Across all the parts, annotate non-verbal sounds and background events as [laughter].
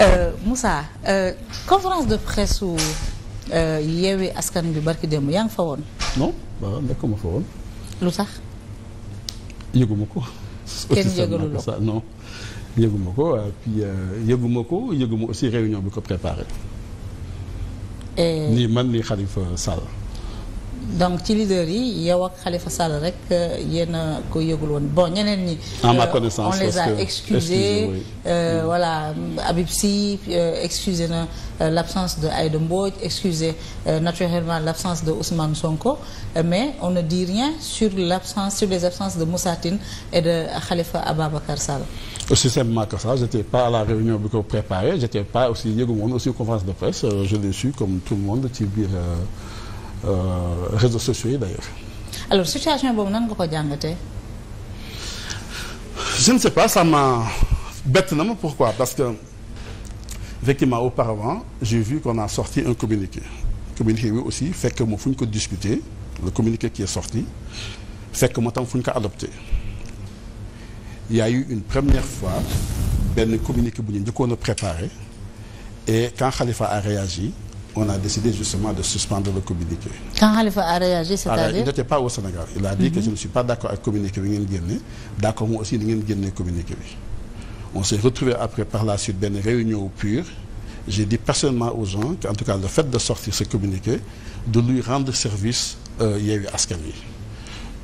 Euh, Moussa euh, conférence de presse su euh, Yewwi Askan bi barki démb yaa ngi fa woon. non waaw nekkuma fa woon. lu sax yëguma ko. [laughs] kenn yëgalu la ko yëguma ko et puis aussi réunion bi ko préparé. nii man nii Khalifa Sall. donc ci leader yi yow ak Khalifa Sall rek euh, yéen a ko yëgul woon bon ñeneen ni en ma euh, connaissance on les a excusés euh, mm. voilà Habib euh, na l'absence de Aïda Mbodj excusé naturellement l'absence de Ousmane Sonko mais on ne dit rien sur l'absence sur les absences de Moussa et de Khalifa Ababacar Sall. aussi simplement que ça j'étais pas à la réunion bi ko préparé j'étais pas aussi yëgu woon aussi conférence de presse je l'ai su comme tout le monde ci biir. Euh, réseaux sociaux yi d'ailleurs. alors situation boobu nan nga ko jàngatee. je ne sais pas ça m'a bett na ma pourquoi parce que effectivement auparavant j'ai vu qu'on a sorti un communiqué communiqué bi aussi fekk ma fu ñu ko discuter le communiqué qui est sorti fekk ma tam fu ñu ko adopté il y a eu une première fois benn communiqué bu ñu njëkkoon a préparé et quand Khalifa a réagi on a décidé justement de suspendre le communiqué. a réagi, ah, c'est-à-dire Il n'était pas au Sénégal. Il a dit mm que mhm. je ne suis pas d'accord avec communiqué bi ngeen d'accord moi aussi ni ngeen communiqué bi on s'est retrouvé après par la suite benn réunion pure j'ai dit personnellement aux gens qu'en tout cas le fait de sortir ce communiqué de lui rendre service euh, Askan Wi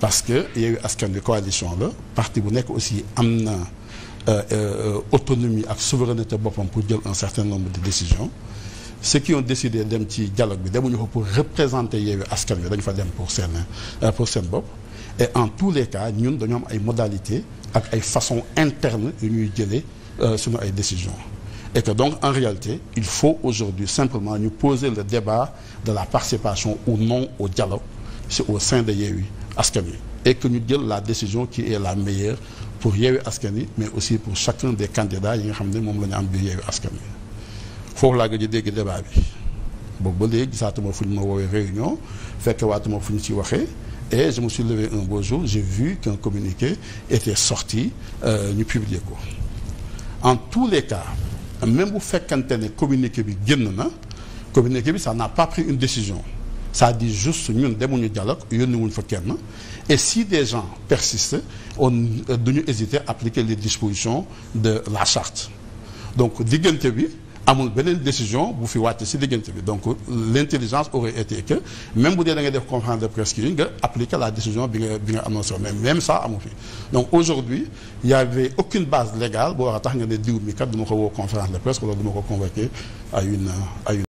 parce que Yewwi Askan Wi coalition la partie bu nekk aussi am na euh, euh, euh, autonomie ak souveraineté boppam pour jël un certain nombre de décisions ceux qui ont décidé dem ci dialogue bi demuñu ko pour représenter Yewwi Askan Wi dañu fa dem pour seen euh, pour seen bopp et en tous les cas ñun dañoo am ay modalités ak ay façon internes yu ñuy jëlee euh, suñu ay décisions et que donc en réalité il faut aujourd'hui simplement ñu poser le débat de la participation ou non au dialogue c'est au sein de Yewwi Askan Wi et que ñu jël la décision qui est la meilleure pour Yewwi Askan Wi mais aussi pour chacun des candidats yi nga xam ne moom la ñu am biir Yewwi foofu laa gëj a dégg débat bi boobu ba léegi gisaatuma fu ñu ma woowee réunion fekkewaatuma fu ñu ci waxee e je me suis levé un beau jour j'ai vu qu'un communiqué était sorti euh, ñu publier ko en tous les cas même bu fekkante ne communiqué bi génn na communiqué bi sa n'a pas pris une décision ça dit juste ñun demuñu dialogue yónni wuñ fa kenn et si des gens persistent on euh, duñu hésiter à appliquer les dispositions de la charte donc diggante bi amul beneen décision bu fi wàcc si diggante bi donc l' intelligence aurait été que même bu dee da ngay def conférence de presse kii nga appliquer la décision bi nga bi nga annoncé mais même ça amu fi donc aujourd'hui il y avait aucune base légale boo war a tax nga ne diw mi kat du ma ko woo conférence de presse wala du ma ko convoqué à une à une